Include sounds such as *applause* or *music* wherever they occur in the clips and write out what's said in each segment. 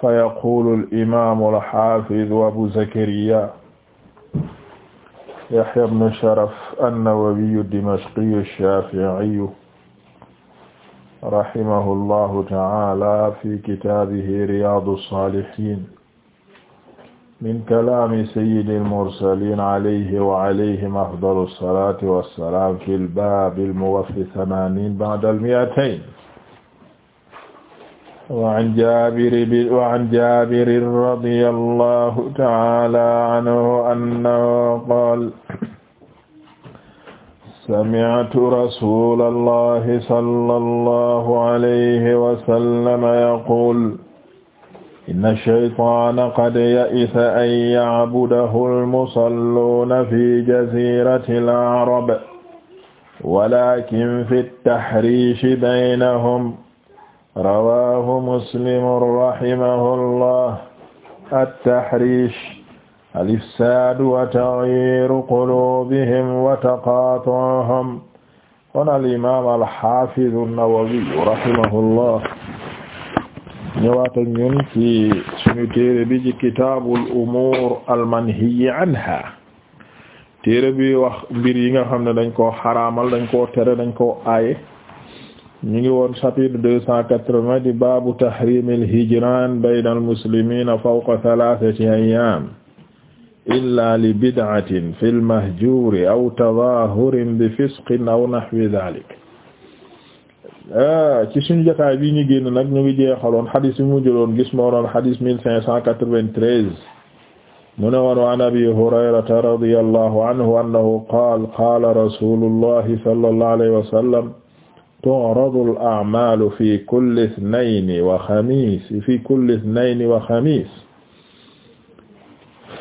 fa yaqulu al-imaamu al-haafidu abu zakariya yahya ibnu sharaf an-nawawiyu ad-dimashqiyu ash-shaafi'iyu rahimahullahu ta'aala fi kitaabihi riyaadu saalihiin min kalaami sayyidil mursaliin alayhi wa alayhim afdalu salaati wa salaam fil baabil muwaffi samaaniin ba'dal mi'atayn waan jaabir bi waan jaabir radiyallahu ta'ala anhu annahu qaala sami'tu rasuulallahi sallallahu alayhi wa sallam yaquulu inna ash-shaytaana qad ya'isa an ya'budahu al-musalluuna fi jaziiratil arab walaakin fi at-tahriishi baynahum rawaahu muslim rahimahullah at-tahriish al-ifsaadu wa taghyiiru quluubihim wa taqaatu'uhum kon al-imaam al-haafiz an-Nawawi rahimahullah ñëwaat ak ñun ci sunu téere bi ci kitaabul umuur al-manhiyyi anhaa téere bi wax mbir yi nga xam ne dañ koo xaraamal dañ koo tere dañ koo aaye ñu ngi woon chapitre deux cent quatre-vingts di baabu tahrim al-hijran bayna al-muslimina fawqa thalathati ayyam illa li bid'atin fi al-mahjuri aw tadahurin bi fisqin aw nahwi dhalik ah, ci suñu jotaay bi ñu génn nag ñu ngi jeexaloon xadis bi mu jëloon gis moo doon xadis mille cinq cent quatre-vingt-treize mu ne woon waan abi hurayrata radiyallahu anhu annahu qaala qaala rasulullahi sallallahu alayhi wa sallam tu'radu al-a'maalu fi kulli ithnayni wa xamiis fi kulli ithnayni wa xamiis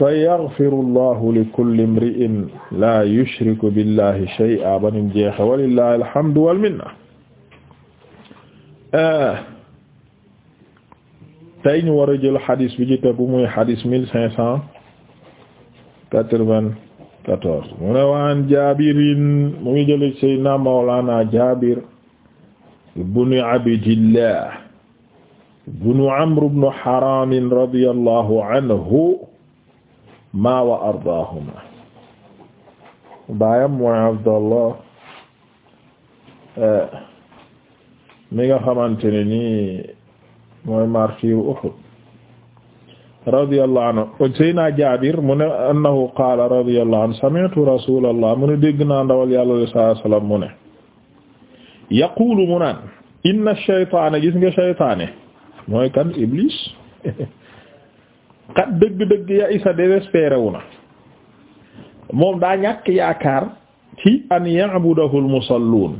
fa yaghfiru Allahu li kulli imri'in laa yushriku billahi shay'an ba nim jeexe walillahi alhamdu wal minna. Ah, tey ñu war a jël xadis bi ci tegu muy xadis mille cinq cent quatre-vingt-quatorze mu ne waan Jaabirin mu ngi jël Seydina Mawlaana Jaabir ibnu abdillah ibnu amr ibnu haram radiyallahu anhu ma wa ardaahuma baayam mooy abdallah eh, mi nga xamante ne nii mooy martyr Uhud radiyallahu anhu Seyna Jaabir mu ne annahu qaala radiyallahu anhu sami'tu rasulallah mu ne dégg naa ndawal yàlla sallallahu alayhi wa sallam mu ne yaqulu mu naan inna shaytaana gis nga shaytaane mooy kan iblis xat *laughs* dëgg-dëgg ya isa désespéré na moom daa ñàkk yaakaar ci an ya'budahu al-musalluun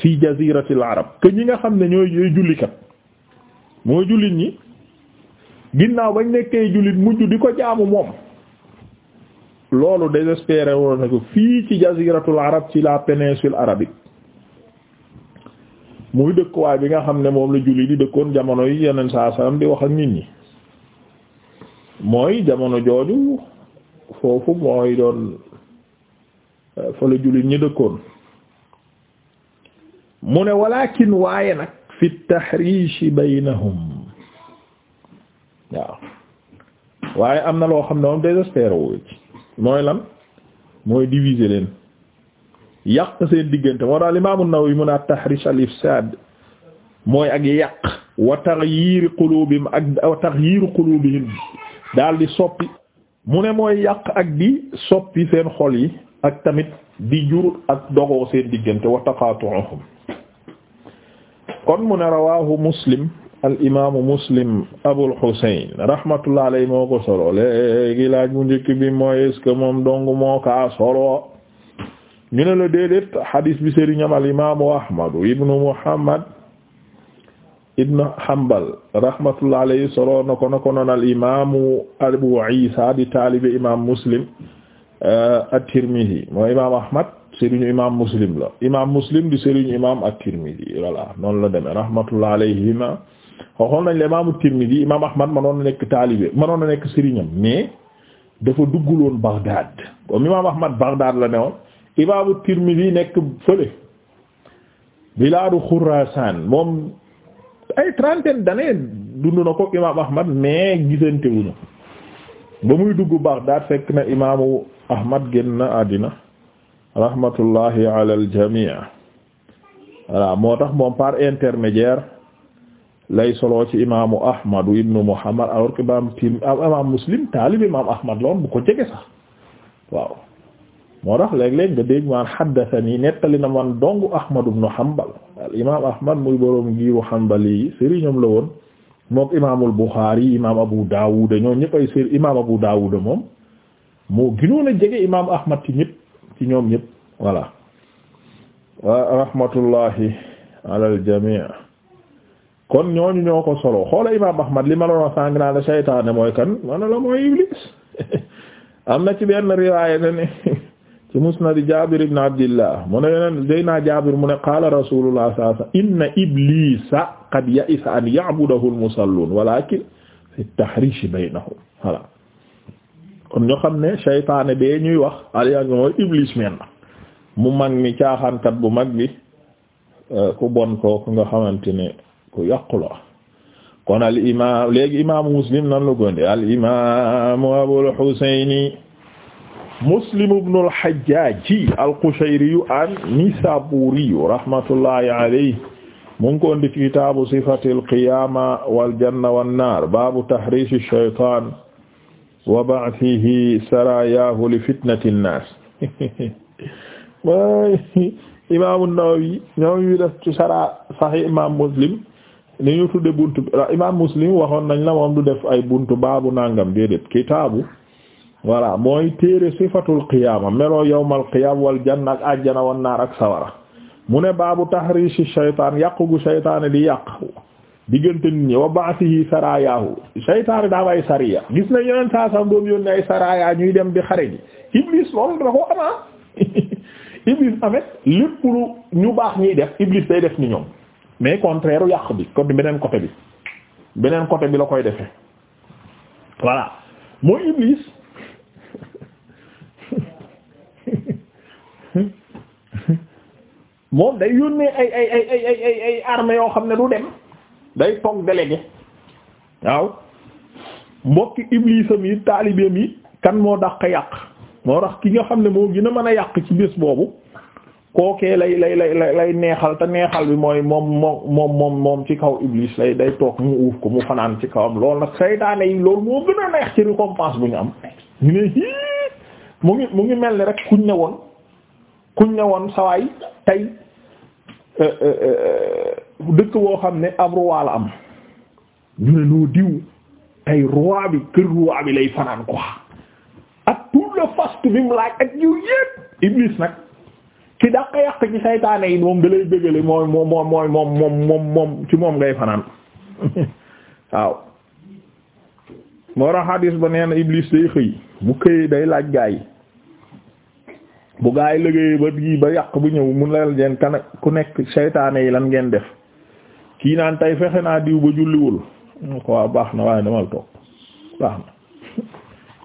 fi jazirati al-arab ñi nga xam ne ñooy ñooy jullikat mooy jullit ñi ginnaaw bañ nekkee jullit mujj di ko jaamu moom loolu désespéré wu na ko fii ci jaziratul arab ci la péninsule arabique muy dëkkuwaay bi nga xam ne moom la julli di dëkkoon jamono yi yeneen saa salaam di wax ak nit ñi mooy jamono jooju foofu mooy doon euh, fa la jullit ñi dëkkoon mu ne walakin waaye nag fi tahriishi baynahum waaw waaye am na loo xam ne moom désespère wu mooy lan mooy diviser leen yàq seen diggante moo daal imaamu Nawawi mun a tahrish al ifsaad mooy ak yàq wa taghyiir quluubihim ak wa taghyiir quluubihim daal di soppi mu ne mooy yàq ak di soppi seen xol yi ak tamit di jur ak dogoo seen diggante wa taqaatu'uhum kon mu ne rawaahu muslim al imaamu muslim Abul Husayn rahmatullah alayhi moo ko solo léegi laaj mu njëkk bi mooy est-ce que moom dong moo kaa solo. ñu ne la déedéet hadis bi sëriñam al imaamu ahmadu ibnu muhammad ibnu hanbal rahmatullah alayhi solo na ko na ko noon al imaamu abu isa di taalibe imam muslim euh, at-tirmidhi mooy imam ahmad sëriñu imam muslim la imam muslim di sëriñu imam at-tirmidhi voilà noonu la demee rahmatullah alayhima imam ahmad manoon na nekk taalibe manoon na nekk sëriñam mais dafa dugguloon baghdad comme imam ahmad baghdad la newoon imaamu Tirmidhi nekk fële bilaadu Xuraasaan moom ay trentaine d'années dund na ko imaam Ahmad mais gisante wuñu ba muy dugg Baghdad fekk na imaamu Ahmad génn na àddina rahmatullahi ala al jamii moo tax moom par intermédiaire lay solo ci imaamu Ahmad ibnu Muhammad alors que imaam Muslim taalib imaam Ahmad loon bu ko jege sax waaw moo tax léeg-léeg nga dégg maan xaddasani nettali na man dong Ahmad ibn Hanbal al imaam Ahmad muy boroom giiru Hanbali yi sëriñam la woon mook imaamul Buxaari imaam Abu Daawud ñoo ñëpp ay sëriñ imaam Abu Daawud moom moo gënoon a jege imaam Ahmad ci ñëpp ci ñoom ñëpp voilà wa rahmatullahi ala jamii kon ñooñu ñoo ko solo xoola imaam Ahmad li ma la wax sànq naa la saytaane mooy kan ma mooy Iblis *laughs* am na ci benn riwaaya ne ci musnad Jaabir ibn Abdillah mu ne yeneen Seydina Jaabir mu ne qad ya'isa an ya'budahu al ñoo xam ne seytaane bee ñuy wax alias mag mi caaxaankat bu mag bi euh, ku bon nga xamante ne ku yàqu la al Muslim nan la al imaamu Abul Husayni Muslim ibn al-Hajjaj al-Qushayri an-Nisaburi rahmatullahi alayhi mu ngi ko indi ci kitaabu sifatil qiyaama wal janna wan naar baabu tahriishi shaytaan wa ba'thihi saraayaahu li fitnati nnaas *laughs* imaamu Nawawi ñoom ñu def ci saraa Sahih imaam Muslim ni ñu tudde buntu imaam Muslim waxoon nañ la moom du def ay buntu baabu nangam déedéet kitaabu voilà mooy téere sifatul qiyaama melo yawmal qiyaam wal janna ak ajjana wan naar ak sawara mu ne baabu tahriishi shaytaan yàqu gu shaytaane di yàq diggante nit ñi wa ba'sihi sarayaahu shaytaane daa am ay sariya gis na yeneen saa sam doon yónni ay saraya ñuy dem bi xare ji iblis loolu da ko amaa ah. *laughs* iblis amet lépp lu ñu baax ñuy def iblis day def ni ñoom mais contraire u yàq bi kon beneen côté bi beneen côté bi la koy defee voilà mooy iblis moom day yónnee ay ay ay ay ay yoo xam ne du dem day toog délégué waaw mbokki iblisam yi taalibeem yi kan moo daq yàq moo tax ki nga xam ne moo gën a mën a yàq ci bés boobu kookee lay lay lay lay neexal te neexal bi mooy moom moom moom moom ci kaw iblis lay day toog mu uuf ko mu fanaan ci kawam lool nag saytaane yi loolu moo gën a neex ci récompense bu ñu am ñu ne mu ngi mu ngi mel ni rek kuñ ne woon kuñ ne woon sawaay tey euh, euh, euh, dëkk boo xam ne ab roi am ñu ne noo diw tey roi kër roi lay fanaan quoi ak tout le faste bi mu laaj ak yiw yépp Iblis nag ki daq yàq ci saytaane yi moom da bëggale mooy moom moom mooy moom moom moom moom ci moom ngay fanaan *laughs* waaw moo tax ba nee Iblis day xëy bu xëyee day laaj gaa yi bu gaa yi liggéeyee ba gi ba yàq bu ñëw mun lal leen kan ku nekk seytaane yi lan ngeen def naan tey fexe naa diw ba julliwul baax na waaye damal toog baax na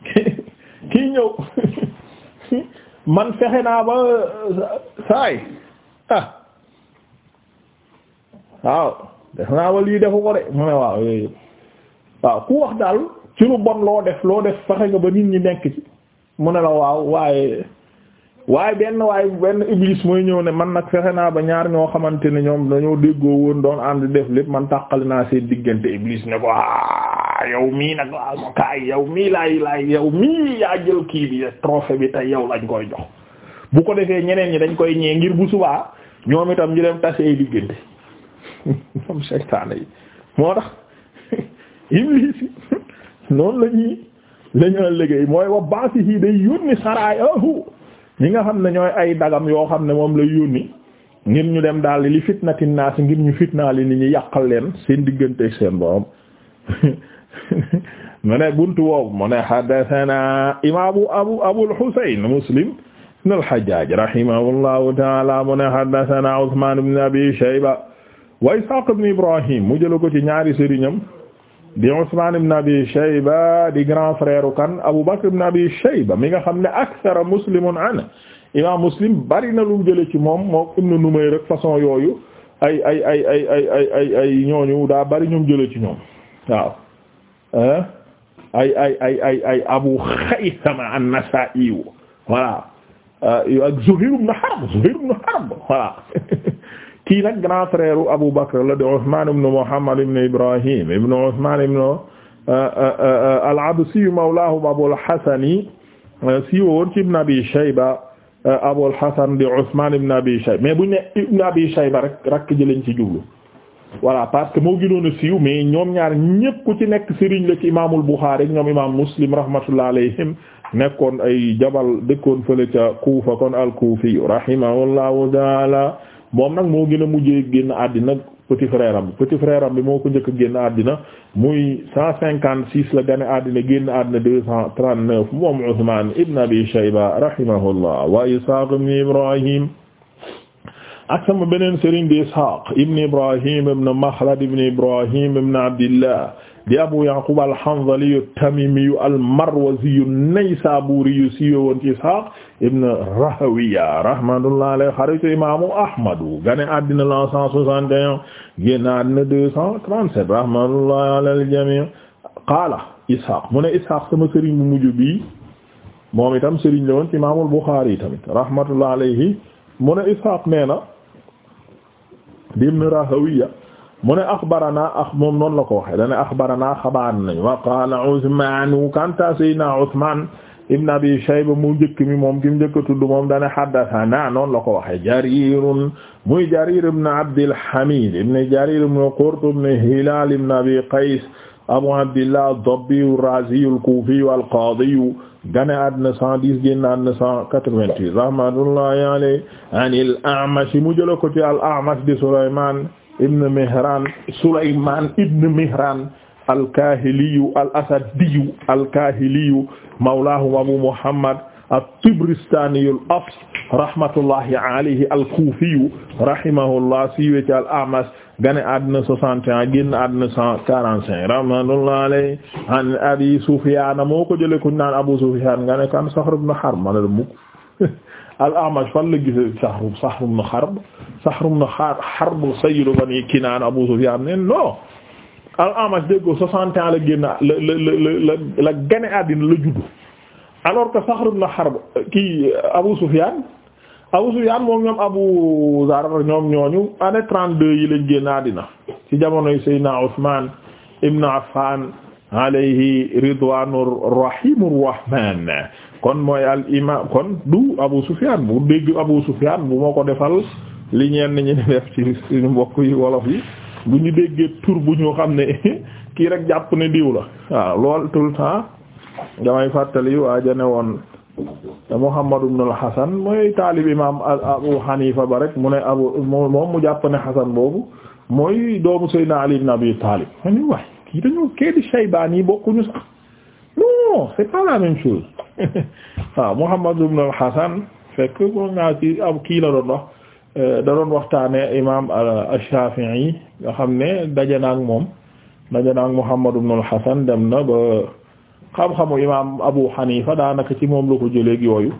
kii fexe naa ba saay ah. def naa lii defu ko wax daal ci bon loo def loo def fexe nga ba nit ñi nekk mu ne la waaw waaye waaye benn waaye benn iblis mooy ñëw ne man nag fexe naa ba ñaar ñoo xamante ne ñoom dañoo déggoo woon doon ànd def lépp man tàqali naa seen diggante iblis ne ko ah, yow mii nag ah kaay yow mii laay laay yow mii yaa jël kii bi trophée bi tey yow lañ koy jox. bu ko defee ñeneen ñi dañ koy ñee ngir bu subaa ñoom itam ñu dem tase ay diggante *laughs* ñoom seytaane yi moo tax *laughs* iblis *laughs* noonu la ñuy la ñu liggéey mooy wa baasi yi day yónni saraayahu ñi nga xam ne ñooy ay dagam yoo xam ne moom lay yónni ngir ñu dem daal li fitnati naas ngir ñu fitnaali ni ñu yàqal leen seen diggante seen borom *laughs* mu ne bunt woow mu ne haddathana imaamu abu abul husayn muslim ibn al-hajjaj mu ne shayba wa ishaq ibn ibrahim mu jëla ko ci ñaari sëriñam di Usman ibn Abi Shayba di grand frère kan Abu Bakr ibn Abi Shayba mi nga xam ne akthara muslimun an imam Muslim bari na lu jële ci moom moom ibn Numayr rek façon yooyu ay ay ay ay ay ay ay ay ñooñu daa bari ñoom jële ci ñoom waaw ay ay ay ay ay Abu Khaythama an-Nasa'i voilà euh, ak Zuhayr ibn Harb Zuhayr ibn Harb voilà *laughs* kii nag grand frère u Abu Bakr la di Usman ibn Muhammad ibn Ibrahim ibn Usman ibn uh, uh, uh, al-Absi mawlahum Abul Hasan siiwoon ci ibn Abi Shayba Abul Hasan di Usman ibn Abi Shayba mais bu ñu ne ibn Abi Shayba rek rakk ji lañ ci jublu voilà parce que moo gënoon a siiw mais ñoom ñaar ñépp ku ci nekk sëriñ la ci imaamul Buxaari ñoom imaam Muslim rahmatullah alayhim nekkoon ay jabal dëkkoon fële ca Kuufa kon al-Kuufi rahimahullahu ta'ala moom nag moo gën a mujjee génn àddina petit frère am petit bi moo ko njëkk a génn àddina muy cent cinquante six la gane àddina génn àddina deux cent trente neuf moom Usmaan ibn Abi Shayba rahimahullah wa Isaaq ibn Ibrahim ak sama beneen sëriñ bi Isaaq ibn Ibrahim ibn Makhlad ibn Ibrahim ibn Abdillah di Abu Yaqub al-Hanzali at-Tamimi al-Marwazi an-Naysaburi siiwe woon ci Ishaq ibn Rahawiya rahmatullahi alayhi xaritu imaamu Ahmad gane àddina la 161 génn àddina 237 rahmatullahi ala al-jami' qaala Ishaq mu ne Ishaq sama sëriñ bu mujj bi moom itam sëriñ la woon ci imaamul Bukhari tamit rahmatullahi alayhi mu ne Ishaq nee na ibn Rahawiya mu ne axbarana ax moom noonu la ko waxee dane axbarana xabaar nañu wa qaala Usmaan kanta sayyidina Usmaan ibn Abi Shayba mu njëkk mi moom ki mu njëkk a tudd moom dane haddathana noonu la ko waxee Jariirun muy Jariir ibn Abdil Hamiid ibn Jariir ibn Qurt ibn Hilaal ibn Abi Qays Abu Abdillah ad-Dabbi ar-Raazi al-Kuufi al-Qaadi gane àddina 110 génn àddina 188 rahmatullahi alayhi an al-A'mash mu jël ko ci al-A'mash di Sulaymaan ibn Mihran Sulaymaan ibn Mihran al-Kaahiliyu al-Asadiyu al-Kaahiliyu mawlaahum Abu Muhammad at-Tabaristaniyu al-Asl rahmatullahi alayhi al-Kuufiyu rahimahullah siiwee ci al-A'mash gane àddina 61 génn àddina 145 rahmatullahi alayhi an Abi Sufyaan moo ko jëlee ku ñu naan Abu Sufyaan nga ne kan Saxr ibn Harb al-A'mash fan la gisee Sahr Sahr ibn Harb Sahr ibn Harb sayyidu bani Kinaan Abu Sufyaan ne non al-A'mash déggoo soixante ans la génn la la la la gane àddina la juddu alors que Sahr ibn Harb kii Abu Sufyaan Abu Sufyaan moom ñoom Abu Zarr ñoom ñooñu année trente-deux yi lañ génn àddina ci jamonoy Seydina Usmaan ibn Affaan alayhi ridwaanu rahiimu rahmaan kon mooy al imam kon du Abu Sufyan bu dégg Abu Sufyan bu moo ko defal li ñeen ñi def ci suñu mbokk yi wolof yi bu ñu déggee tur bu ñu xam ne *laughs* kii rek jàpp ne diw la waaw lool tout le temps damay fàttali waa ne woon Muhammad ibn al-Hasan mooy taalib imam Abu Hanifa ba rek mu ne abu moom mu jàpp ne Hasan boobu mooy doomu Seydina Ali ibn Abi Talib dañu kee di Shaybani bokkuñu sax non c'est pas la waaw *laughs* ah, Muhammad ibn al-Hasan fekk ko nga ci ab ah, kii la doon wax euh, da doon waxtaane imam Shafi'i nga xam ne daje ak moom daje na ak Muhammad ibn al-Hasan dem na ba xam-xamu Abu Hanifa daanaka ci moom la ko jëlee ak yooyu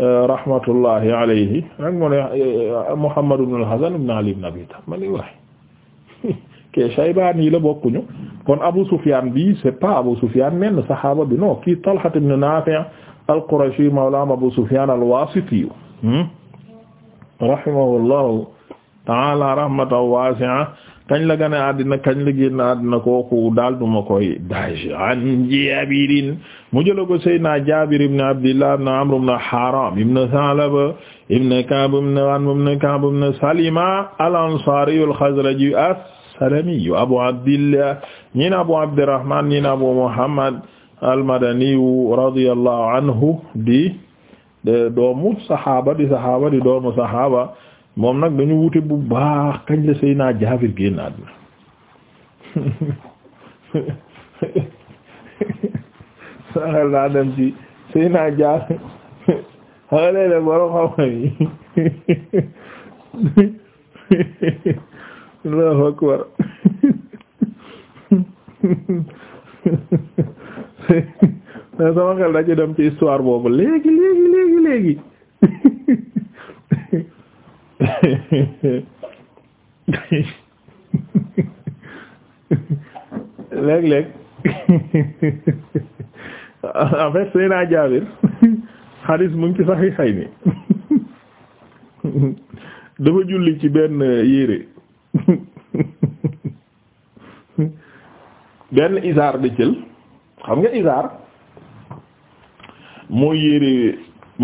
euh, rahmatullahi alayhi rek mu ne euh, Muhammad ibn hasan ibn Ali ibn Abi Talib ke Shaybaani la bokkuñu kon Abu Sufyaan bi c'est pas Abu Sufyaan men saxaaba bi non kii Talha ibn Naafi' al-Qurashi mawlaam Abu Sufyaan al-Waasiti hmm? rahimahullahu ta'aala rahmatan waasi'a kañ la gane àddina kañ la génn àddina kooku daal duma koy daj an Jaabirin mu jëla ko Seydina Jaabir ibn Abdillah ibn Amr ibn Haram ibn Salaba ibn Ka'b ibn Ghanm ibn Ka'b ibn Salima al-Ansaari al-Khazraji as-Salamiyu Abu Abdillah ñi Abu Abdirrahman ñi Abu Muhammad al-Madaniyu radiyallahu di doomu saxaaba di doomu saxaaba moom nag dañu wute bu baax kañ la Seydina naa dem ci Seydina Jaabir xale la borom xam-xam yi allahu akbar mais *laughs* sama xel da dem ci histoire boobu léegi léegi léegi léegi *laughs* léeg-léeg *laughs* en fait Seydina Jaabir hadis mu ngi ci Sahihayni dafa julli ci benn yére *laughs* benn isaar da jël xam nga isaar mooy yére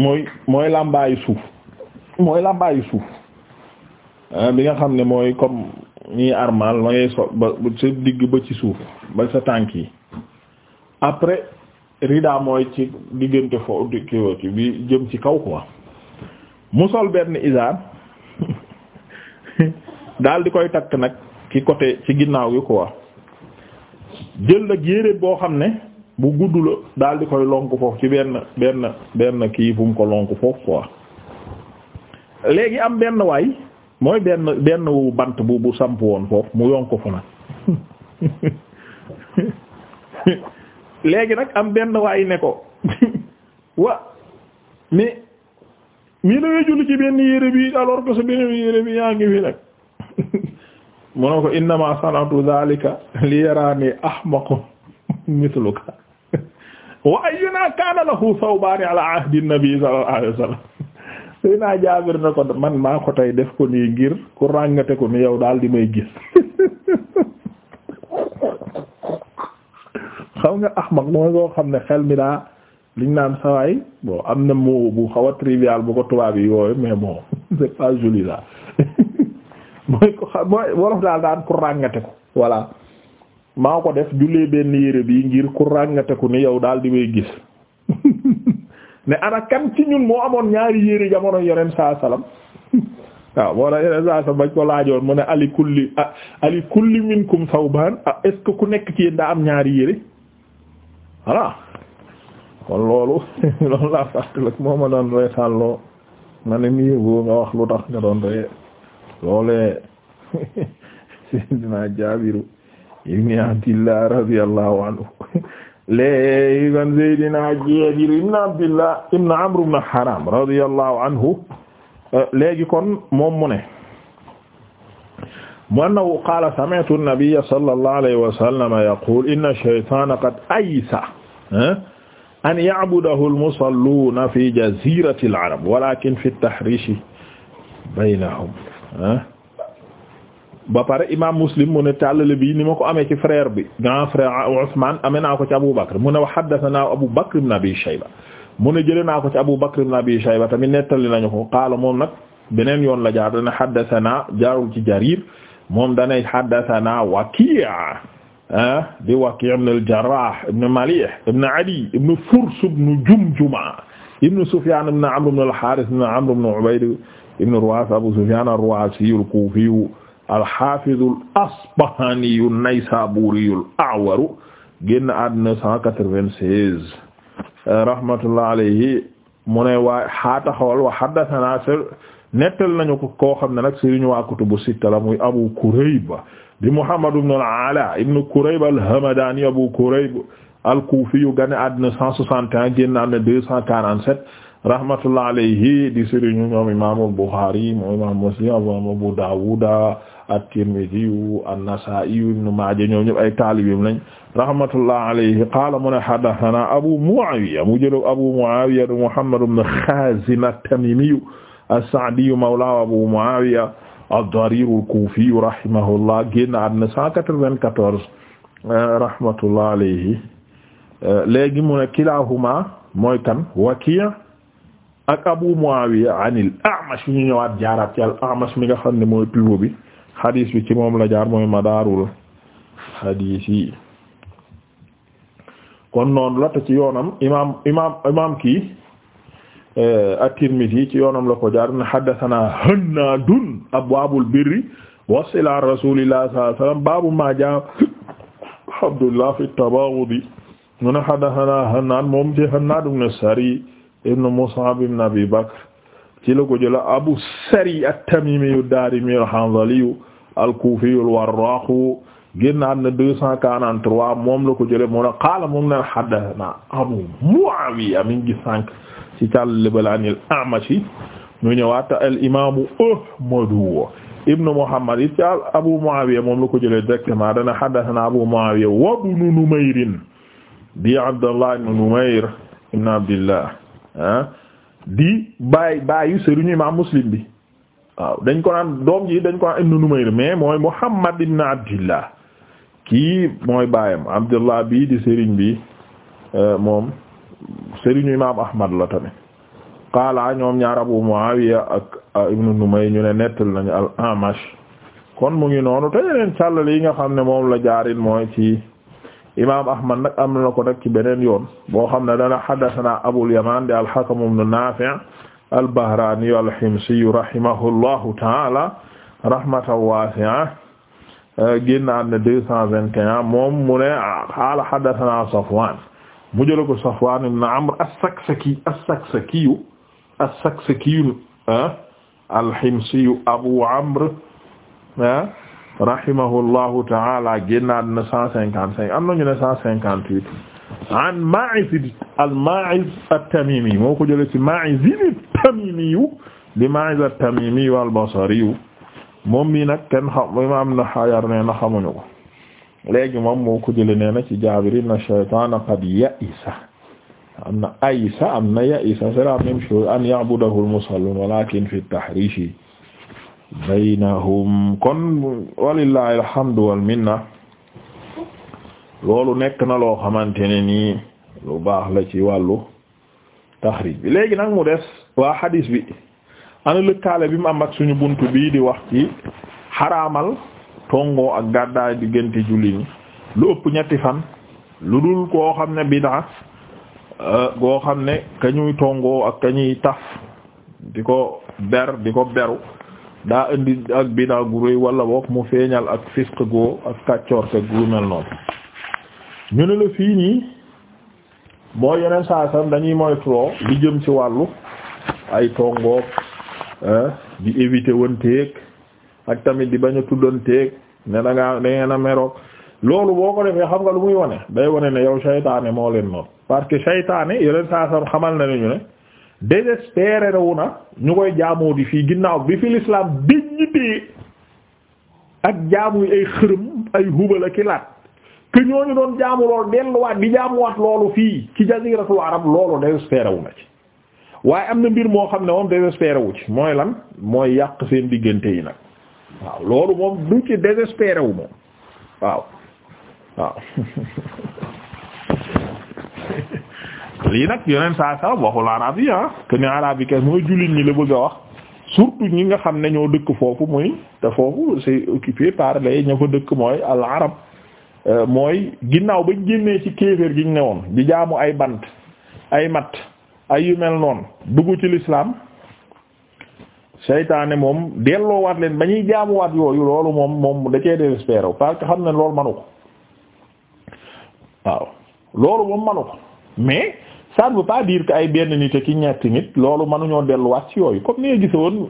mooy mooy làmbaayu suuf mooy làmbaayu suuf ah, bi nga xam ne mooy comme ñii armal ma ngay so ba sa digg ba ci suuf ba sa tànk yi après rida mooy ci diggante fo kiwoti bi jëm ci kaw quoi mu sol benn isaar *laughs* daal di koy takk nag ci côté ci ginnaaw gi quoi jël nag yére boo xam ne bu gudd la daal di koy lonk foofu ci benn benn benn kii bu ko lonk foofu quoi léegi am benn waay mooy benn benn wu bant bu bu samp woon foofu mu yonk ko fa nag *laughs* léegi nag am benn waay ne ko *laughs* wa mais mii la julli ci benn yére bi alors que sa benn yére bi yaa ngi fi nag mu ne ko innama sanatu dhalika li yarani ahmaqu mithluka wa ayyuna kana lahu thawbani ala ahdi nabi sallallahu alayhi naa jaabir na ko man maa ko tey def ko nii ngir ku ràngate ko ni yow daal di may gis xam nga ahmaq mooy koo xam ne xel mi daa liñ naan sawaay bon am na moo bu xaw a trivial bu ko tubaab yi yooyu mais bon *laughs* c'est pas joli là mooy ko mooy wolof daal daan ku ràngate ko voilà maa ko def jullee benn yére bii ngir ku nga teku ni yaw daal di may gis *laughs* ne ana kan ci ñun moo amoon ñaari yére jamono yoneen saa salaam *laughs* waaw moo tax yeneen saa salaam bañ ne ali kulli ali kulli minkum sawban ah est ku nekk ci yéen daa am ñaari yére voilà kon loolu *laughs* loolu laa fàttali moom ma doon reetaan loo ma ne mii boo nga wax lu tax nga doon ree loolee Seydina Jaabiru ibn Abdillah radiyallahu anhu léegi kon Seydina Jaabir ibn Abdillah ibn Amr ibn Haram radiyallahu anhu léegi kon moom mu ne mu annahu qaala sami'tu an-nabiyya sallallahu alayhi wa sallam yaqulu inna ash-shaytaana qad aysa eh, an ya'budahu al-musalluuna fi jaziirati al-arab walaakin fi at-tahriishi baynahum ba pare imaam muslim mu ne tàllale bi ni ma ko amee ci frère bi grand frère Ousmane amee naa ko ci Abu Bakr mu ne wa haddathanaa Abu Bakr ibn Abi Shayba mu ne jëlee naa ko ci Abu Bakr ibn Abi Shayba tamit nettali nañu ko qaala moom nag beneen yoon la jaar dana haddathanaa jaarul ci Jarir moom danay haddathanaa Waki' ah di Waki' ibn al-Jarrah ibn Malih ibn Adi ibn Furs ibn Jumjuma ibn Sufyan ibn Amr ibn al-Harith ibn Amr ibn Ubayd ibnu Ruwaas Abu Sufyaan ar-Ruwaasiyu al-Kuufiyu al-Haafizu al-Asbahaaniyu an-Naysaabuuriyu al-A'waru génn àdduna 196 rahmatullahi alayhi mu ne waa xaata xawal wa haddathanaa nettal nañu ko koo xam ne nag sëriñu waa kutubu sitta la muy Abu Kurayb di Muhammad ibn al-Alaa ibn Kurayb al-Hamdaani Abu Kurayb al-Kuufiyu génn àdduna 161 génn àdduna 247 rahmatullah alayhi di sëriñu ñoom imaamul Bukhari moom imaam Muslim imaam Abu Dawuda at-Tirmidhi an-Nasa'i ibn Maaja ñoom ñëpp ay taalibeem lañ rahmatullah alayhi qaala mu ne haddathana Abu Muawiya mu jël Abu Muawiya Muhammad ibn Khazim at-Tamimi as-Sa'di mawla Abu Muawiya ad-Darir al-Kufi rahimahullah génn àddina 194 rahmatullah alayhi léegi mu ne kilahuma mooy kan Waki' ak Abu Muawiya anil A'mash ñu ñëwaat jaaraat A'mash mi nga xam ne mooy pivot bi xadiis bi ci moom la jaar mooy madaarul xadiis yi kon noonu la te ci yoonam imaam imaam imaam kii eh, at-Tirmidhi ci yoonam la ko jaar na haddathana Hannaadun abwaabul birri wasila rasuulillah sallallahu alayhi baabu maa jaa Abdullah fi at-tabaaghudi mun haddathana moom ci Hannaad ibn Sari ibnu Mus'ab ibn Abi Bakr ci la ko jëla Abu Sari at-Tamimi ad-Darimi al-Hanzali al-Kufi al-Warraq génn am na 243 moom la ko jële moo ne qaala moom ne haddathana Abu Muawiya min gi sànq ci càll balani al-A'mash ñu ñëwaat al-imaamu Ahmadu ibnu Muhammad it ca Abu Muawiya moom la ko jëlee directement dana haddathana Abu Muawiya wa ibnu Numayr bi Abdullah ibn Numayr ibn Abdillah Ah, di baay baayu sëriñu imaam muslim bi waaw dañ ko naan doom ji dañ ko naan ibnu Numayr mais mooy Muhammad ibn Abdillah kii mooy baayam Abdullah bii di sëriñ bi eh, moom sëriñu imaam Ahmad la tamit qaala ñoom ñaar Abu Muawiya ak eh, ibnu Numayr ñu ne nettal nañu al-Amash kon mu ngi noonu te yeneen càllale yi nga xam ne moom la jaarin mooy ci imaam Ahmad nag am na ko nag ci beneen yoon boo xam ne dana haddathana Abul Yaman di al-Hakam ibn Nafi' al-Bahrani al-Himsi rahimahullahu ta'ala rahmatan wasi'a génn na deux cent vingt et un moom mu ne qaala haddathana Safwan mu jël ko Safwan ibn Amr as-Saksaki as-Saksaki as-Saksaki ah, al-Himsi Abu Amr ah, rahimahullahu ta'ala génnaat na cent cinquante cinq am nañu ne cent cinquante huit an Ma'iz al-Ma'iz at-Tamimi moo ko jëlee ci Ma'iz at-Tamimi di Ma'iz at-Tamimi al-Basri moom mii nag kenn xam imaam na xayar nee na xamuñu ko léegi moom moo ko jëlee nee na ci Jaabir na shaytaan qad ya'isa am na ayisa am na ya'isa c'est la même chose an ya'budahu al-musallun walakin fi at-tahrish baynahum kon walillahi alhamdu wal minna loolu nekk na loo xamante ne nii lu baax la ci wàllu taxrij bi léegi nag mu des waa xadiis bi ana lëkkaale bi mu am ak suñu bunt bii di wax ci xaraamal tongoo ak gàddaay diggante julli ni lu ëpp ñetti fan lu dul koo xam ne bidaa euh, goo xam ne ka ñuy tongoo ak ka ñuy taf di ko ber di ko beru daa indi ak bidaa gu rëy wala boog mu feeñal ak fisq goo ak kàccoor te gu mel noonu ñu ne la fii nii moo yeneen saasam dañuy moytuloo li jëm ci wàllu ay tongoog eh, di éviter wanteeg ak tamit di bañ a tuddanteeg ne da ngaa da ngeen a meroog loolu boo ko defee xam nga lu muy wane day wane ne yow saytaane moo leen noonu parce que saytaane yeneen saasam xamal na ne ñu ne. désespéré na ñu koy jaamoo di fii ginnaaw bi fi l'islam dignité ak jaamuy ay xërëm ay hubala ki laat que ñooñu doon jaamu loolu delluwaat di jaamuwaat loolu fii ci jaziratul arab loolu désespéré na ci waaye am na mbir moo xam ne moom désespéré ci mooy lan mooy yàq seen diggante yi nag waaw loolu moom du ci désespéré moom waaw waaw *laughs* lii nag yeneen saa saa waxul arab yi ah que ni yi kay mooy jullit ñi la bëgg a wax surtout ñi nga xam ne ñoo dëkk foofu muy te foofu c'est occupé par les ña ko dëkk mooy al arab euh, mooy ginnaaw bañ génnee ci kéeféer gi ñu ne woon di jaamu ay bant ay mat ay yu noon noonu dugg ci l'islam seytaane moom delloowaat leen ba ñuy jaamuwaat yooyu loolu moom moom da cee désespéré parce que xam ne loolu manu ko waaw loolu moom manu ko mais ça ne veut pas dire que ay benn nit ki ñetti nit loolu mënuñoo delluwaat ci yooyu comme ni nga gise woon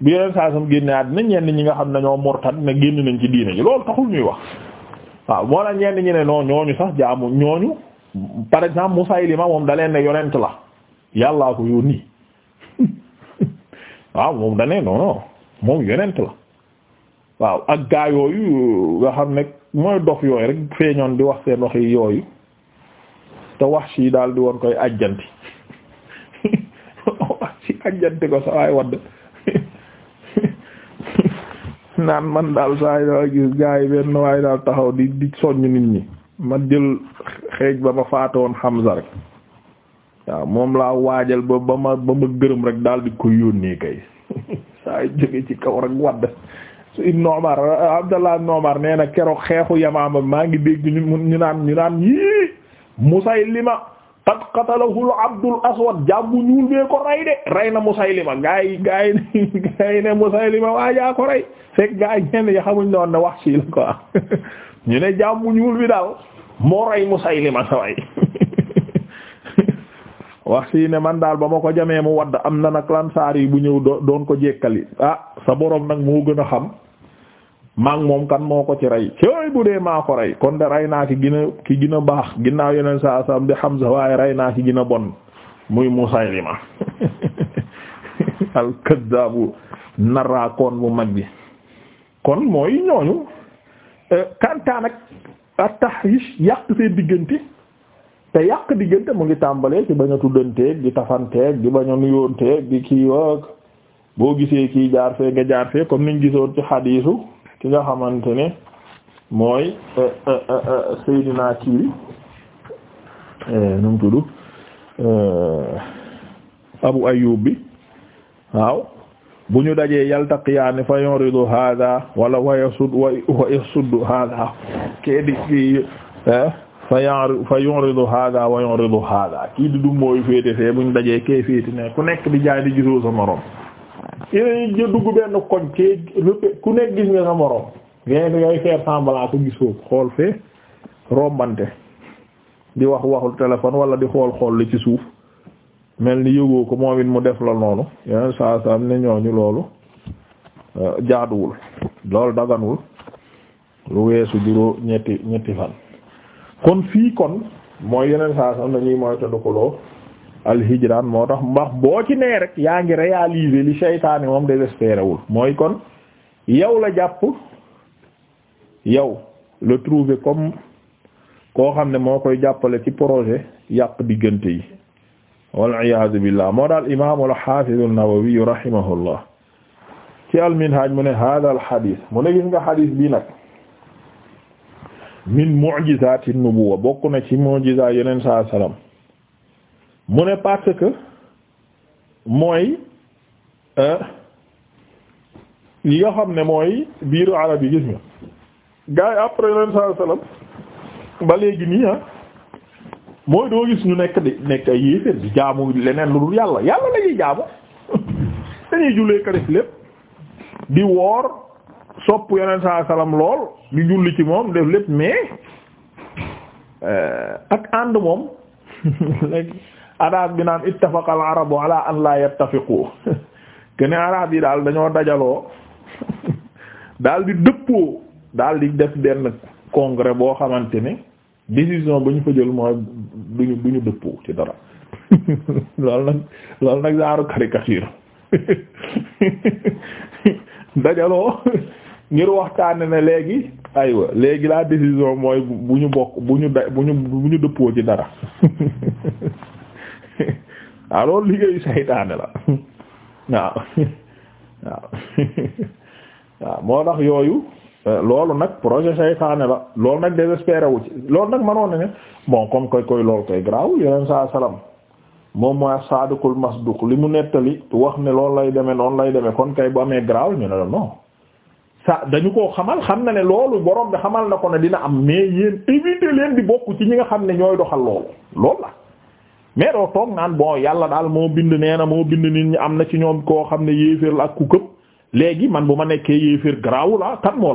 bi yeneen saa sam génne àddina ñenn ñi nga xam ne ñoo murtad ne génn nañ ci diine ji loolu taxul ñuy wax waaw moo la ñenn ne non ñooñu sax jaamu ñooñu par exemple Musaylima moom da leen ne yonent la yàllaa ko yónni *laughs* waaw da ne non non moom yonent la waaw ak gaa yooyu nga xam ne mooy dof yooyu rek feeñoon di wax seen waxi yooyu te Wahshi yi daal di woon koy ajjanti *laughs* Wahshi ajjanti ko sawaay wadd *laughs* naan man daal saa yi gis gaa yi benn waaye daal taxaw di di soññ nit ñi ma jël xeej ba ma faatoon Hamza rek waaw moom laa waajal ba ba ma ba ma gërëm rek daal di koy yónnee kay *laughs* saa yi jóge ci kaw rek wadd su Ibn Umar Abdallah ibn Umar keroog xeexu Yamaama maa ngi dégg ñu naan ñu naan Musaylima qad qatalahu Abdul Aswad jàmm ñuul bee ko rey de rey na Musaylima gaa yi gaa yi gaa yi ne Musaylima waajaa ko rey fekk gaa ñenn yi xamuñ ne ne wax ci la ne jàmbu ñuul bi daal moo rey Musaylima sa way wax ne man daal ba ma ko jamee mu wadd am na nag lan yi bu ñëw doon ko jekkali ah sa boroom nag moo gën a xam maa ngi moom kan moo ko ci rey cëy bu dee maa ko rey kon de rey naa ki gën ki gën a baax ginnaaw yeneen saa sam di Hamza waaye rey naa ki gën bon muy Musaylima *laughs* al-kazzaabu naraakoon bu mag bi kon mooy ñooñu eh, kantaan ak at-tahriish yàq seen diggante te yàq diggante mu ngi tàmbalee ci bañ tuddanteeg di tafanteeg di bañ a nuyoonteeg di kii boo gisee kii jaar fee nga jaar fee comme niñ gisoon ci xadiisu ki nga xamante ne mooy eh, eh, eh, Seydina kii nu mu tudd Abu Ayyub waaw bu ñu dajee yaltaqiyaani fa yuridu hada wala wa yasud wa fa yari fa yuridu wa yuridu hada kii di du mooy féete fee bu ñu dajee kee féete ne ku nekk di jaay di gisoo sa morom yeneen yi dugg benn koñ ci ku nekk gis nga sa morom mais dangay faire semblant ko gisoo xool fee rombante di wax waxul téléphone wala di xool xool li ci suuf mel ni yëgoo ko moom it mu def la noonu yeneen saa saa ne ñooñu loolu euh, jaaduwul loolu daganul lu weesu juróom ñetti ñetti fan kon fii kon mooy yeneen saa saa dañuy moytandikuloo alhijran moo tax mbax boo ci nee rek yaa ngi réaliser li seytaane moom désespéré wul mooy kon yow la jàpp yow le trouver comme koo xam ne moo koy jàppale ci projet yàq diggante yi wal iyaadu billah moo daal imaam al haafiz an-Nawawi rahimahullah ci al-Minhaaj mu ne al-hadiis mu gis nga hadiis bi nag min mu'jizaati nubuwwa bokk ci mu'jiza yeneen saa salaam mu ne parce que mooy euh, yi nga xam ne mooy biir arab yi gis nga gars yi après leen saa salaam ba léegi nii ah mooy doo gis ñu nekk di nekk ay yéeféer jaamu leneen lu dul yàlla yàlla lañuy jaamu *laughs* dañuy jullee ka def lépp di woor sopp yeneen saa salaam lool di julli ci moom def lépp mais euh, ak ànd moom *laughs* adaas bi naan ittafaqa al arabu an la yattafiqu *laughs* kene arab yi daal dañoo dajaloo *laughs* daal di dëppoo daal di def benn congrès boo xamante ne décision bu ñu fa jël mooy duñu ñu dëppoo ci dara *laughs* loolu nag loolu nag genre caricature dajaloo ngir waxtaane ne léegi aywa léegi laa décision mooy bu ñu bokk bu ñu da bu ñu dëppoo ci dara waaw *laughs* loolu liggéeyu saytaane la *laughs* waaw waaw *laughs* waaw moo tax yooyu euh, loolu nag projet saytaane la loolu nag désespéré wu ci loolu nag manoon na ne bon comme koy koy lool koy garaaw yeneen saa salaam moom mooy saadukul masduq li mu nettali wax ne loolu lay demee noonu lay demee kon kay bu amee garaaw ñu ne la non sa dañu ko xamal xam na ne loolu borom bi xamal na ko ne dina am mais yéen éviter leen di bokk ci ñi nga xam ne ñooy doxal loolu lool la. mais doo toog naan bon yàlla daal moo bind nee na moo bind nit ñi am na ci ñoom koo xam ne yéeféer la ak ku këpp léegi man bu ma nekkee yéeféer garaawul ah kan moo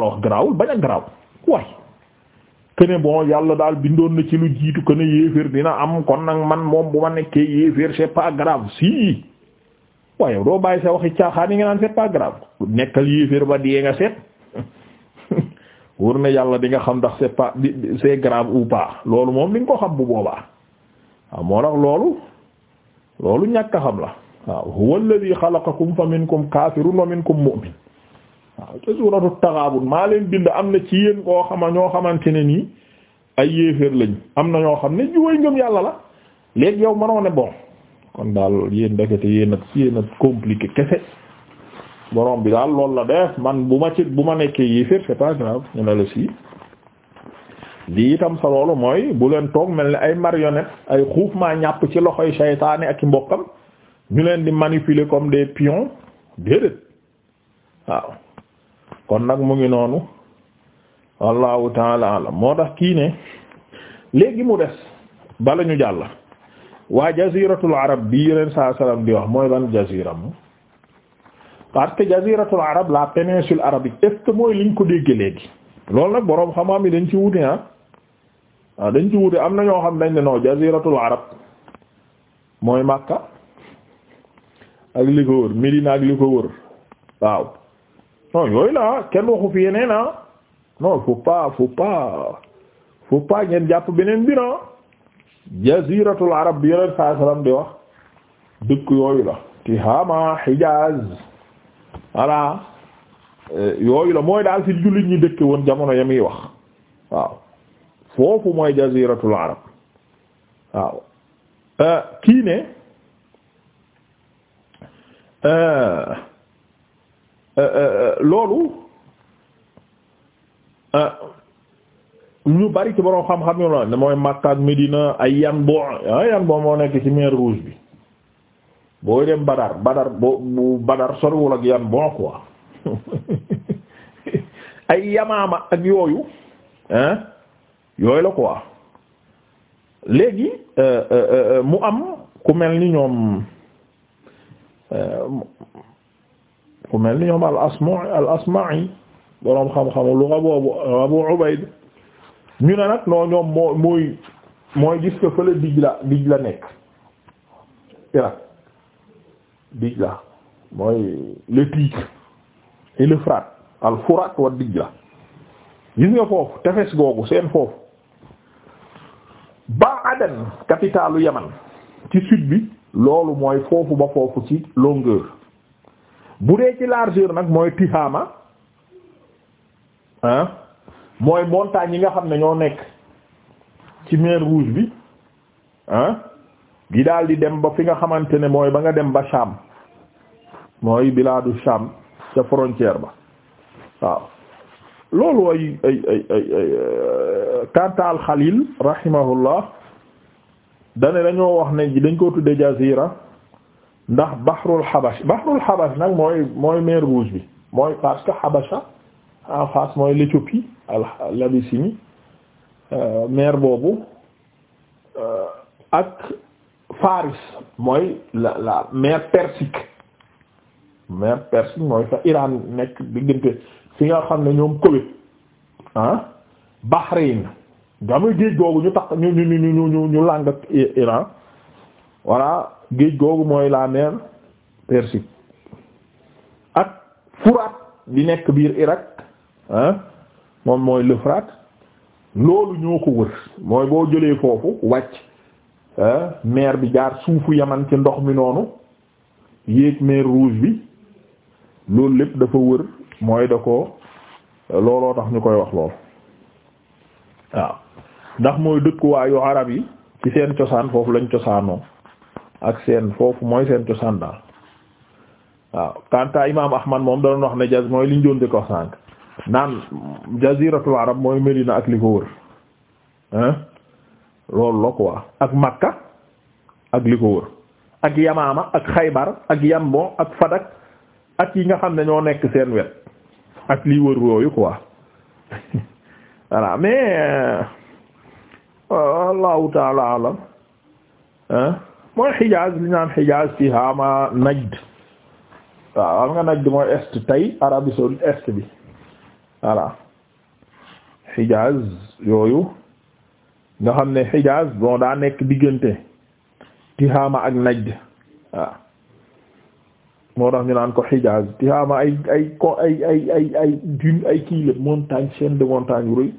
bon yàlla daal bindoon na ci lu jiitu kene yéeféer dina am kon nag man moom bu ma nekkee yéeféer c'est pas grave si waaye doo bàyyi sa waxi caaxaan yi nga naan c'est pas grave nekkal yéeféer ba dee nga seet *laughs* wóor na yàlla di nga xam ndax c'est pas c'est grave ou pas loolu moom li nga ko xam bu boobaa waaw moo tax loolu loolu ñàkk xam la waaw huwa alladhi xalaqakum fa minkum kaafirun wa minkum mu'min waaw ca suuratu taxaabun maa leen bind am na ci yéen koo xama ñoo xamante ne nii ay yéeféer lañ am na ñoo xam ne jiwéy ngëm yàlla la léegi yow mënoo ne bon kon daal yéen ndekete yéen ak yéen ak compliqué kese borom bi daal lool la def man bu ma ci bu ma nekkee yéeféer c'est pas grave ñu ne la si lii itam sa loolu mooy bu leen toog mel ni ay marionnette ay xuuf maa ñàpp ci loxoy saytaane ak i mbokkam ñu leen di manipuler comme des pions déedéet waaw kon nag mu ngi noonu wallahu taala alam moo tax kii ne léegi mu des bala ñu jàll waa jaziratul arab bi yeneen saa salaam di wax mooy ban jazira mu parce que jaziratul arab la péninsule arabique est mooy liñ ko dégg léegi loolu nag boroom xam-xam yi dañ ci wute ah. ah, dañ ci wute am na ñoo xam dañ ne non jaziratul arab mooy Makka ak li ko wër Medina ak li ko wër waaw non yooyu la kenn waxu fi yeneen ah non faut pas faut pas faut pas ngeen beneen bi non ah. jaziratul arab bi yeneen saa salaam di wax dëkk yooyu la Tihaama Hijaaz voilà Euh, yooyu la mooy daal fi jullit ñi dëkke woon jamono ya muy wax waaw foofu mooy jaziratul arab waaw euh, kii ne euh, loolu ñu bari ci borom xam-xam yu la ne mooy Makka ay yan boo ah, yan boo moo nekk ci mer rouge bi booy dem Badar Badar boo bu Badar soriwul ak yan bon quoi *laughs* ay yamaama ak yooyu hein yooyu la quoi léegi euh, euh, euh, mu am ku mel ni ñoom ku mel ni ñoom al asma al asma'i boroom xam-xamu lu nga boobu Abu Ubayd ñu ne nag noo ñoom mooy mooy gis ko fële Dijla Dijla nekk Irak Dijla mooy le Tigre al Furaat wa Dijla gis nga foofu tefes googu seen foofu ba Aden capitalu Yaman ci sud bi loolu mooy foofu ba foofu ci longueur bu dee ci largeur nag mooy Tihama ah mooy montagne yi nga xam ne ñoo nekk ci mer Rouge bi ah di daal dem ba fi nga xamante ne mooy ba nga dem ba Sham mooy bilaadu Sham ca frontière ba waaw loolu ay ay ay ay ay euh, dane dañoo wax ne dañ ko tudde jazira ndax bahrul xabash bahrul xabash nag mooy mooy rouge bi mooy parce que xabasha en face mooy l'Éthiopie l'Abyssinie euh, mer boobu euh, ak Faris mooy la la Persique mer Perse mooy fa Iran nekk diggante fi nga xam ne ñoom Koweït ah Bahreïn dama géej googu ñu tax ñu ñu ñu ñu ñu ñu làng Iran voilà géej googu mooy la mer Persique ak Furaat di nekk biir Irak ah, moom mooy l'Euphrate loolu ñoo ko wër mooy boo jëlee foofu wàcc ah, mer bi jaar suufu Yaman ci ndox mi noonu yéeg mer Rouge bi loolu lépp dafa wër mooy da ko looloo tax ñu koy wax lool waaw ndax mooy dëkkuwaayu arab yi ci seen cosaan foofu lañ cosaanoo ak seen foofu mooy seen cosaan daal waaw kanta imam ahmad moom danoon wax ne jaz mooy liñ doon dëkk wax sànq naan jaziratul arab mooy Medina ak li ko wër hein loolu la quoi ak Makka ak li ko wër ak Yamaama ak Xaybar ak Yambo ak Fadak ak yi nga xam ne ñoo nekk seen wet ak lii wër yooyu quoi *laughs* voilà mais euh, allahu taala alam mooy Hijaz li naan Hijaz ci Hama Najd waaw am nga Najd mooy est tey Arabie saoudite est bi voilà Hijaz yooyu nga xam ne Hijaz bon daa nekk diggante Tihama ak Najd waaw moo tax ñu naan ko Hijaz Tihama ay ay ko ay ay ay ay dune ay kii la montagne chaîne de montagne yu rëy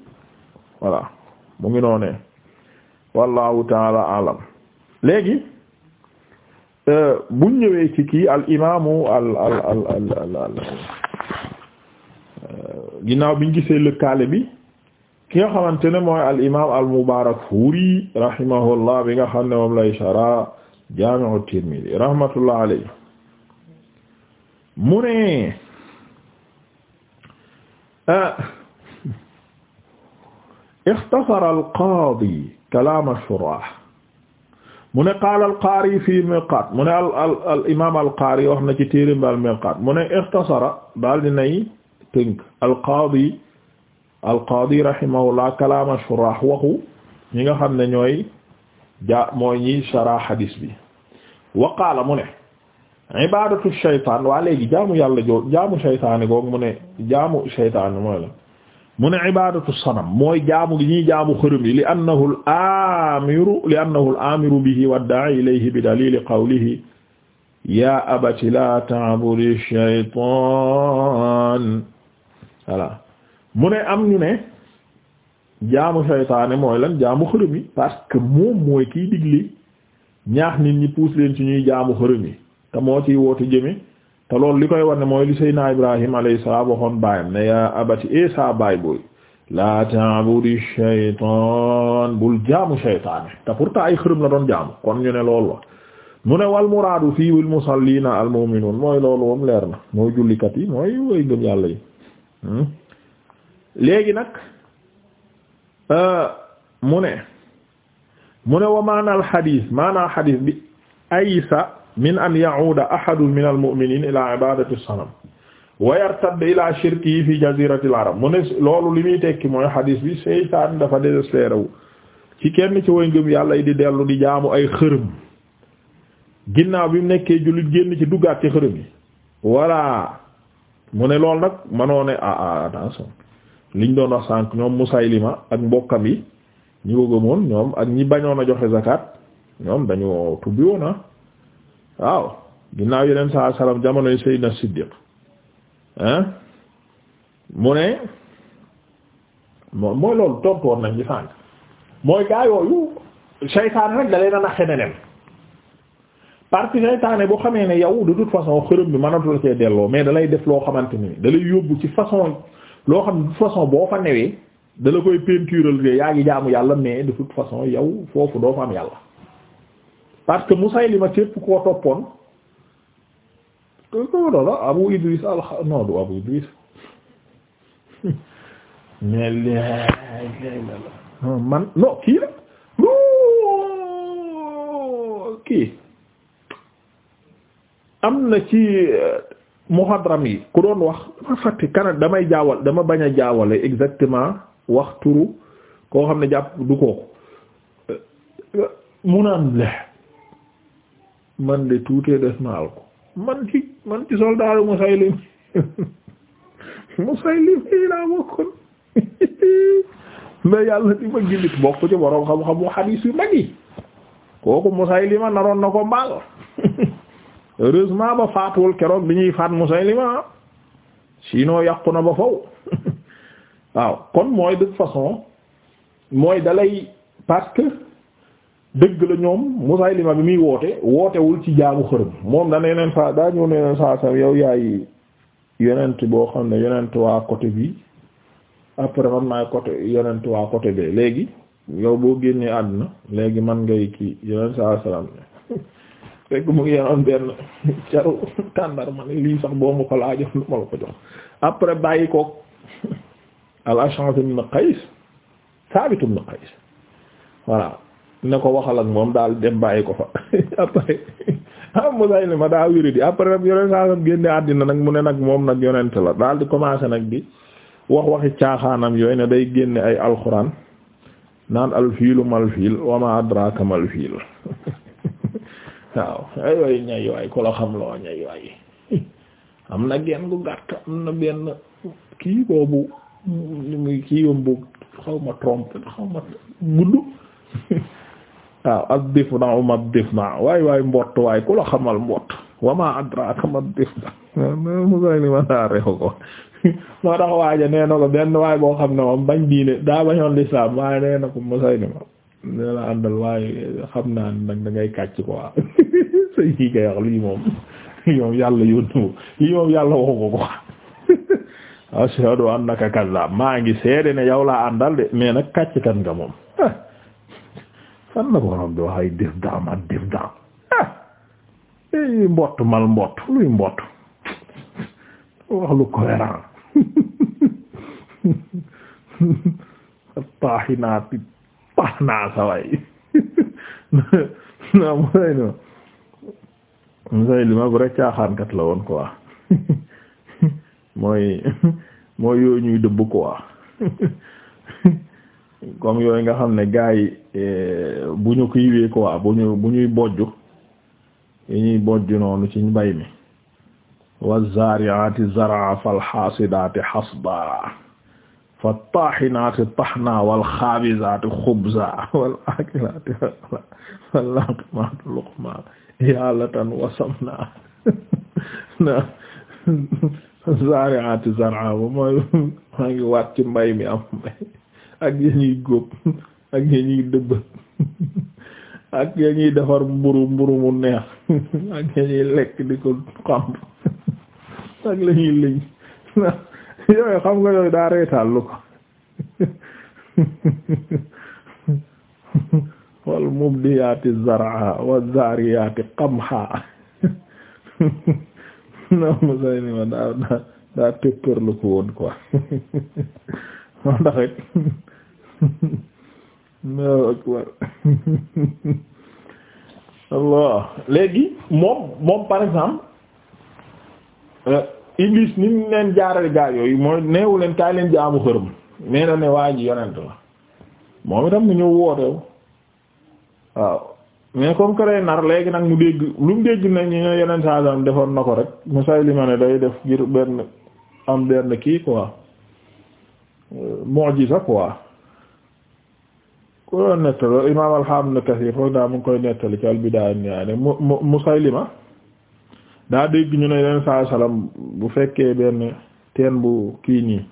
mu ngi noonee wallahu taala alam léegi euh, buñ ñëwee ci kii al imaamu al al al al al euh, ginnaaw biñ gisee lëkkaale bi ki nga xamante ne mooy al imaam al Mubarakfuri rahimahullah bi nga xam ne moom lay shara Jaami'u Tirmidhi rahmatullah alayhi mu ne ah, ixtasara alqaadi kalaam ashurah mu ne qaala alqaari fii miqaat mu ne al imaam alqaari wax na ci téerim bi al miqaat mu ne ixtasara daal dinay tënk alqaadi alqaadi rahimahullah kalaam ashurah waxu ñi nga xam ne ñooy ja mooy ñiy sarah hadis bi wa qaala mu ne ibadatu shaytaan waa léegi jaamu yàlla joo jaamu shaytaani googu mu ne jaamu shaytaani mooy la mu ne ibadatu sanam mooy jaamu gi ñuy jaamu xërëm yi li annahu al amiru li annahu al amiru bihi wa da'i ilayhi bi dalili qawlihi ya abati la ta'budi shaytaan voilà mu ne am ñu ne jaamu shaytaani mooy lan jaamu xërëm yi parce que moom mooy kiy digli ñaax nit ñi pousse leen ci ñuy jaamu xërëm yi te moo ciy woote jëmi te loolu li koy war mooy li Seydina Ibrahim alayhi salaam waxoon baayam ne yaa abati e eh saa baay booy laa ta'budi shaytaan bul jaamu shaytaan te pourtant ay xërëm la doon jaamu kon ñu ne la mu ne wal muraadu fii wal musalliina mooy loolu moom leer na mooy jullikat yi mooy woy gëm yàlla yi hmm? léegi nag euh, mu ne wa maanaal xadiis maanaal xadiis bi aysa min an ya'uuda ahadun min al-mu'miniina ilaa ibaadati as-sanam wa yartadda ilaa fi jaziirati arab mu ne loolu li muy tekki mooy hadis bi seytaan dafa désespéré wu ci kenn ci way ngëm yàlla yi di dellu di jaamu ay xërëm ginnaaw bi mu nekkee jullit génn ci duggaat ci xërëm yi voilà mu ne lool nag manoo ne ah ah liñ doon wax sànq ñoom Musaylima ak mbokkam yi ñi ko gëmoon ñoom ak ñi bañoon a joxe zakat ñoom dañoo tubbi ah. waaw ginnaaw yeneen saa salaam jamonoy Seydina Siddiq ah mu ne mooy loolu tontu woon nañ ci sànq mooy gaa yooyu seytaane rek da leen a neneen parce que seytaane boo xamee ne yow de toute façon xërëm bi mënatu la cee delloo mais dalay def loo xamante ni da yóbbu ci façon loo xam de toute façon boo fa newee da la koy peintural yaa ngi jaamu yàlla mais de toute façon yow foofu doo fa am yàlla. parce que Musaylima képp koo toppoon ko doola Abu Idris al non Abu Idris *laughs* man non kii la no kii am na ci euh, muhadram yi ku doon wax dama fàtte kana damay jaawal dama bañ a jaawale exactement wax turu koo xam ne jàpp du kooku euh, mu naan la man de tuutee des na ko man ci man ci soldaaru Musaylim *laughs* Musaylim yi laa bokkoon *laughs* mais yàlla di ma gindit bokk ci borom xam-xamu xadiis yu mag yi kooku Musaylima naroon na ko mbaal *laughs* heureusement ba faatuwul keroog bi ñuy faat Musaylima sinon yàqu na ba faw waaw kon mooy de façon mooy dalay parce dëgg la ñoom Musaylima bi muy woote wootewul ci jaamu xërëm moom da ne saa daa ñëw ne neen saa saa yow yaay yeneent boo xam ne yonent waa côté bi après man maay côté yonent waa côté bi léegi yow boo génnee àdduna léegi man ngay kii yonent saa salaam *laughs* fekk mu ngi yoroon benn *laughs* caru tàndar ma ne lii sax boo ma ko laajoon lu *laughs* ma la ko jox après bàyyi koog al Ash'ath ibn Qays Thabit ibn Qays voilà ne ko waxal ak moom daal dem bàyyi ko fa *laughs* après am ah, Musaylima daa wéri après nag yonent saa sam génne àddina nag mu ne nag moom nag yonent la daal di commencé nag bi wax waxi caaxaanam yooyu ne day génne ay alxuraan naan alfiilu malfiil wa ma malfiil *laughs* waaw ay way ñay waay xam loo ñay *laughs* am na genn gu gàtt am na benn kii boobu muy kii yombu xaw ma trompe xaw ma gudd waaw ad-difna uma ad-difna waay waay mbott waay ku la xamal mbott wama adraka ma ad-difna Musaylima ko moo na ko benn waay xam ne moom bañ diine daa bañoon lislaam waaye na ko Musaylima nee la àndal waaye xam naa *laughs* *laughs* maa ngi seede ne yow laa àndal de mais nag kàcc kan nga moom *laughs* fan la borom bi wax ay def daam ak def daam ah eh mbott mal mbott luy mbott wax lu cohérent paaxi naa ti paax naa saway *laughs* naa mu say no li ma bu rek caaxaankat la woon quoi *laughs* mooy mooy yooyu ñuy dëbb quoi *laughs* comme yooyu nga xam ne gaa Euh, bu ñu kiy wee quoi bu ñu bu ñuy bojju yi ñuy bojju noonu ci mbay mi wa zaariaati zaraa fal xaasidaati xasdaa fa taaxinaati taxnaa wal xaabizaati xubzaa wal aakilaati wal laaqimaati luqmaa yaalatan wasamnaa zaariaati zaraa ba mooy maa ngi waat ci mbay mi am mbay ak yi ñuy ak ya ñuy dëbb ak ya ñuy defar mburu mburu mu neex ak ya ñuy lekk di ko xamb ak la ñuy liñ yooyu xam nga daa reetaal lu ko wal mubdiyaati zar'a wa zaariyaati qamha non mosay ni ma daa daa daa tëppërlu ko woon quoi moo taxit Allahu akbar léegi moom moom par exemple euh, Iblis ni leen jaarale gaa yooyu mooy neewu leen kaay leen jaamu xërëm nee na ne waa ji yonent la moom itam mu ñëw wootew waaw mais comme que day nar léegi nag mu dégg lu mu dégg na ñu ne yonent saa saam defoon na ko rek Musaylima ne day def ngir benn am benn kii quoi euh, mu'jiza quoi. ku doon nettali imaam alhamdu kasiir foog naa mu ngi koy nettali ci al-Bidaaya wan-Nihaaya mu mu Musaylima daa dégg ñu ne yeneen bu fekkee benn teen bu kii nii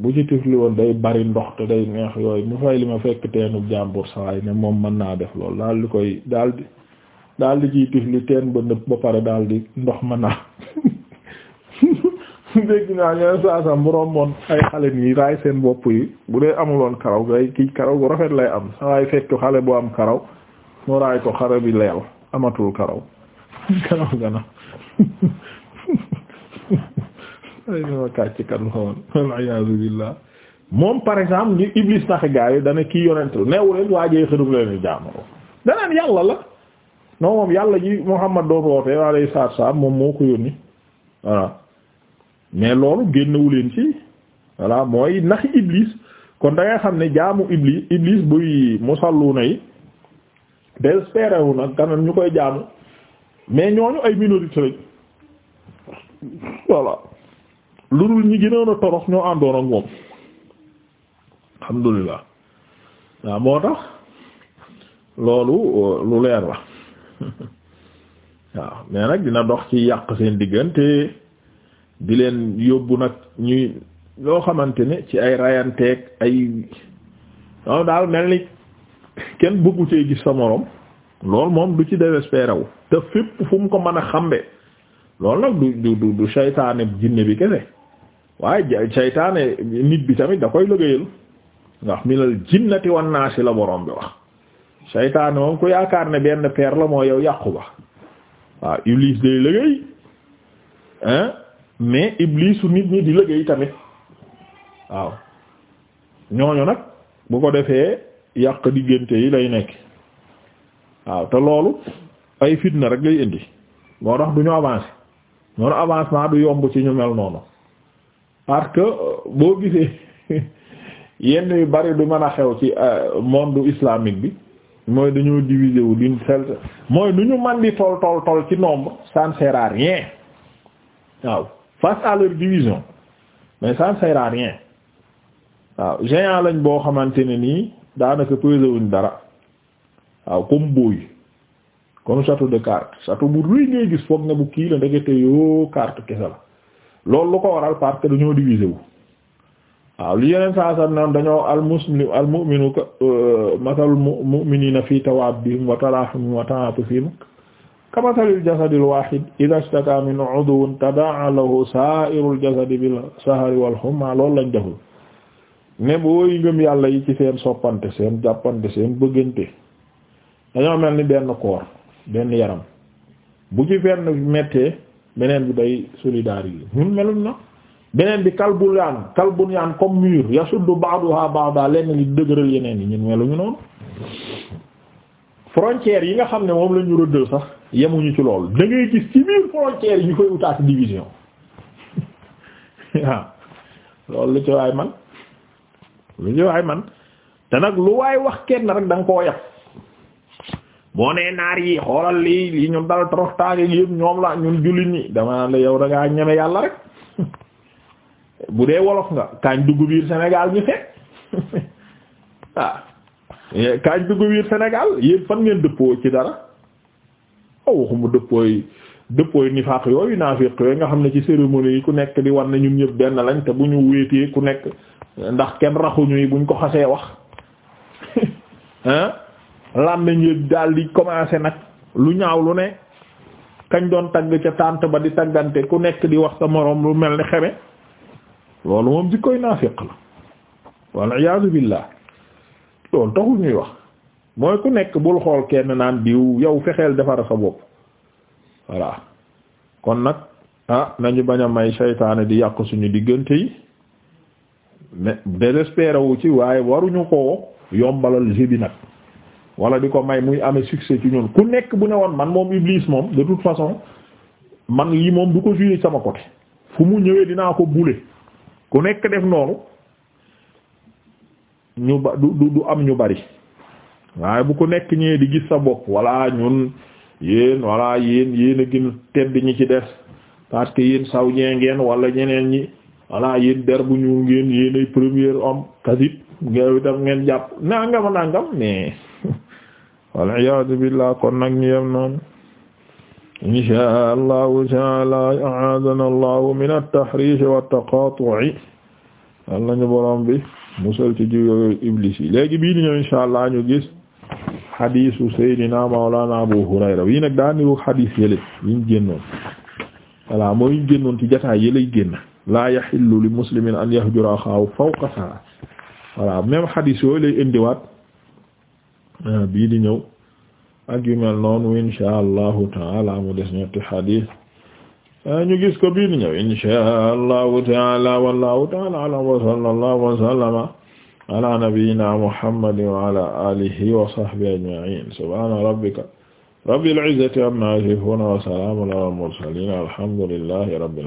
bu ci tifli woon day bari ndox te day neex yooyu Musaylima fekk teenu jàmbur sawaay ne moom mën naa def loolu daal di koy daal di daal di ciy tifli teen ba nëb ba pare daal di ndox mën naa *laughs* *laughs* dégg naa ñoom saasam bu romboon ay xale nii raay seen bopp yi bu dee amuloon karaw kay kii karaw bu rafet lay am sa waay fekk xale bu am karaw mu raay ko xare bi leel amatul karaw *laughs* karaw gana *laughs* ay dama moom par exemple ngir iblis naxe gaay dana kii yonent neewu leen waajee xërub leen jaamaro danaan yàlla la non moom yàlla ji Muhammad doon wootee alayhi salaatu wa salaam moom moo ko yónni voilà mais loolu génnewu leen ci voilà mooy naxi iblis kon da xam ne jaamu iblis iblis buy musalluuna yi désespéré wu nag kanam ñu koy jaamu mais ñooñu ay minorité lañ voilà lu dul ñi gënoon a torox ñoo àndoon ak moom alhamdulillah waaw moo tax loolu lu leer la *laughs* waaw mais nag dina dox ci yàq seen diggante. di leen yóbbu nag ñuy loo xamante ne ci ay rayanteeg ay non daal mel ni kenn bëggu cee gis sa moroom lool moom du ci désespéré wu te fépp fu mu ko mën a xambe lool nag du du du du jinne bi kese waaye saytaane nit bi tamit da koy liggéeyal ndax minal jinnati wan naasi la borom bi wax saytaane moom ko yaakaar ne benn peer la moo yow yàqu ba waaw Iblis day liggéey hein mais iblisu nit ñi di liggéey tamit waaw ñooñu nag bu ko defee yàq diggante yi lay nekk waaw te loolu ay fitna rek lay indi moo tax du ñu avancer noonu avancement du yomb ci ñu mel noonu parce que euh, boo gisee *laughs* yenn yu bari du mën a xew ci euh, monde islamique bi mooy dañoo diviser wu d'une seule mooy nu ñu man di tol tol tol ci nombre ça ne sert rien waaw face à leur division mais ça ne rien waaw géant lañ boo xamante ne nii daanaka pesé wuñ dara waaw comme booy comme château de cartes château bu rëy ngay gis foog ne bu kii la ndekete yoo carte kese la loolu lu ko waral parce que dañoo divisé wu waaw li yeneen saa sax naan dañoo al muslim al mu'minu euh, masalul mu'minina fi tawaddihim wa talahumhum wa ta'atufihim kamasalil jasadil wahid ida staka min udwin tadaa lahu sairul jasadi bil sahari wal humma loolu lañ deful ne booy ngëm yàlla yi ci seen soppante seen jàppante seen bëggante dañoo mel ni benn koor benn yaram bu ci fenn méttee beneen bi day yi ñun meluñ na beneen bi kalbul yaan kalbun yaan comme mur yasuddu ba'daha ba'da lenn li dëgëral yeneen yi ñun meluñu noonu frontières yi nga xam ne moom la ñu rëddal sax yemuñu ci loolu da ngay gis ci biir frontières yi ñu koy utaati division *laughs* waaw loolu ci waay man lu ci waay man te nag lu waay wax kenn rek da nga koo yab boo nee naar yi xoolal yi lii ñun dal toroxtaange yëpp ñoom la ñun jullit ñi dama naan la yow da ñeme yàlla rek *laughs* bu dee wolof nga kañ dugg biir Sénégal ñu fekk *laughs* waaw Eh, kañ dugg biir Sénégal yéen fan ngeen dëppoo ci dara aw oh, waxuma dëppooy dëppooy nifaaq yooyu naafiq yooyu nga xam ne ci cérémonie yi ku nekk di war nañu ñëpp benn lañ te bu ñu wéetee ku nekk ndax kenn raxuñuy buñ ko xasee wax ah lan nañu daal di commencé nag lu ñaaw lu ne kañ doon tagg ca tànt ba di taggante ku nekk di wax sa moroom lu mel ni xeme loolu moom jikkoy naafiq la wal iyaazu billah loolu taxul ñuy wax mooy ku nekk bul xool kenn naan diw yow fexeel defar sa bopp voilà kon nag ah nañu bañ a may seytaane di yàq suñu diggante yi mais désespéré wu ci waaye waruñu ko yombalal jeu bi nag wala di ko may muy ame succès ci ñun ku nekk bu ne woon man moom Iblis moom de toute façon man lii moom du ko jouer sama côté fu mu ñëwee dinaa ko bouler ku nekk def noonu ñu ba du du am ñu bari waaye bu ko nekk ñee di gis sa bopp walla ñun yéen walla yéen yéen a gën tedd ñi ci des parce que yéen saw ñee ngeen wala ñeneen ñi walla yéen der bu ñu ngeen yéen ay premier homme kasib ngaw itam ngeen jàpp nangama nangam mais *laughs* waliyasu billah kon nag ñu yem noonu insha allahu taala ahadana allahu min at-tahrish wa at ñu borom bi mu sol ci jiw iblis yi léegi bii di ñëw insha allah ñu gis xadiisu Seydina Mawlana Abu Hurayra wii nag daa niroog xadiis yële yi ñu génnoon voilà mooy ñu génnoon ci jotaay yële génn laa yaxillu li muslimin an yahjura axaahu fawqa salaas voilà même xadiis yooyu lay indiwaat euh, bii di ñëw ak yu mel noonu insha allahu taala mu des ñetti xadiis ñu gis ko bii di ñëw inshaa allahu taala wallahu taala alam wa sallallahu wa sallama ala nabiyyina muhammadin wa ala alihi wa sahbihi ajma'in subhana rabbika rabbil izzati amma yasifun wa salamun ala al mursalin alhamdulillahi rabbil